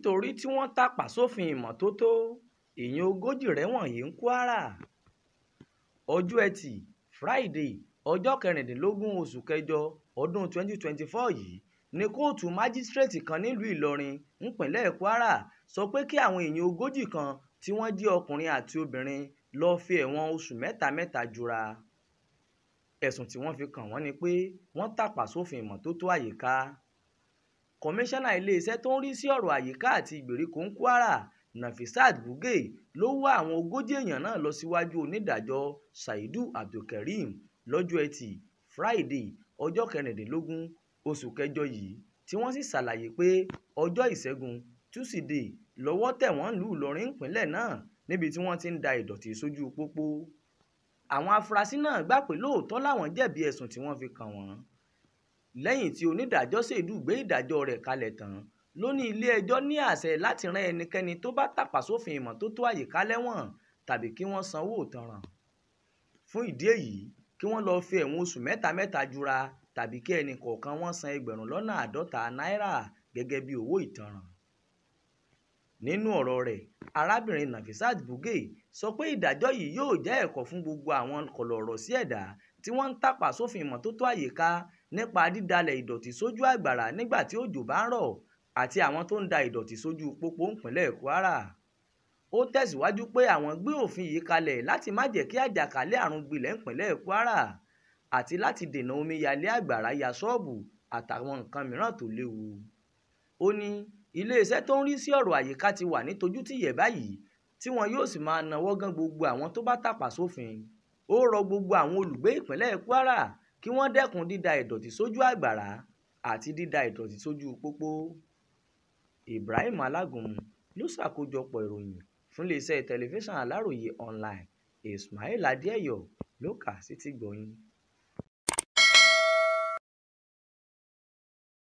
nítorí tí wọ́n tàpá sófin ìmọ́tótó èèyàn ogójì rẹ́wọ̀n he ní kwara ọjọ́ etí fúráìdée ọjọ́ kẹrìndínlógún oṣù kẹjọ ọdún 2024 yìí ní kóòtù májísrèètì kan nílùú ìlọrin nípínlẹ̀ kwara sọ pé kí àwọn èèyàn ogójì kan tí wọ́n jẹ́ ọkùnrin àti obìnrin lọ́ọ́ fi ẹ̀wọ̀n oṣù mẹ́ta mẹ́ta jura ẹ̀sùn tí wọ́n fi kàn wọ́n ni pé wọ́n tàpá sófin ìmọ́tótó àyíká kọmíṣánná iléeṣẹ́ tó ń rí sí ọ̀rọ̀ àyíká àti ìgbèríko ń Kwara Nafisat Bugey ló wá àwọn ogójì èèyàn náà lọ síwájú onídàájọ́ Saidu Abdulkareem lọ́jọ́ Ẹtì Friday ọjọ́ kẹrìndínlógún oṣù kẹjọ yìí tí wọ́n sì ṣàlàyé pé ọjọ́ ìṣẹ́gun túsìdeè lọ́wọ́ tẹ̀ wọ́n lù Ìlọrin ìpínlẹ̀ náà níbi tí wọ́n ti ń da ìdọ̀tí sójú pópó àwọn afurasí náà gbà pé lóòótọ́ làwọn jẹ̀bi ẹ̀sùn tí wọ́n fi kàn wọ́n lẹ́yìn tí onídàájọ́ ṣèdú gbé ìdájọ́ rẹ̀ kalẹ̀ tán ló ní ilé-ẹjọ́ ní àṣẹ láti rán ẹnikẹ́ni tó bá tàpá sófin ìmọ́tótó àyíká lẹ́wọ̀n tàbí kí wọ́n sanwó ìtanràn fún ìdí èyí kí wọ́n lọ́ọ́ fi ẹ̀wọ̀n oṣù mẹ́ta mẹ́ta jura tàbí kí ẹnì kọ̀ọ̀kan wọ́n san ẹgbẹ̀rún lọ́nà àádọ́ta náírà gẹ́gẹ́ bí owó ìtanràn nínú ọ̀rọ̀ rẹ̀ arábìnrin Nafisat Bugey sọ pé ìdájọ́ yìí yóò jẹ́ ẹ̀kọ́ fún gbogbo àwọn kọ̀lọ̀rọ̀ sí ẹ̀dá tí wọ́n ń tàpá sófin ìmọ́tótó àyíká nípa dídalẹ̀ ìdọ̀tí sójú àgbàrá nígbà tí òjò bá ń rọ̀ àti àwọn tó ń da ìdọ̀tí sójú pópó ìpínlẹ̀ Kwara ó tẹ̀síwájú pé àwọn gbé òfin yìí kalẹ̀ láti má jẹ́ kí àjàkálẹ̀ àrùn gbilẹ̀ ìpínlẹ̀ Kwara àti láti dènà omíyalé àgbàrá ya ṣọ́ọ̀bù àtàwọn nǹkan mìíràn tó léwu ó ní iléeṣẹ́ tó ń rí sí ọ̀rọ̀ àyíká ti wà nítòjútìyẹ̀ báyìí tí wọn yóò sì máa nawọ́ gán gbogbo àwọn tó bá tàpá sófin ó rọ gbogbo àwọn olùgbé ìpínlẹ̀ Kwara kí wọ́n dẹ́kun dída ìdọ̀tí sójú àgbàrá àti dída ìdọ̀tí sójú pópó Ibrahim Alágúnmu ló ṣàkójọpọ̀ ìròyìn fún iléeṣẹ́ tẹlifíṣàn Aláròye online Ismail Adéẹ̀yọ̀ ló kà á sétígbọ̀ọ́ yín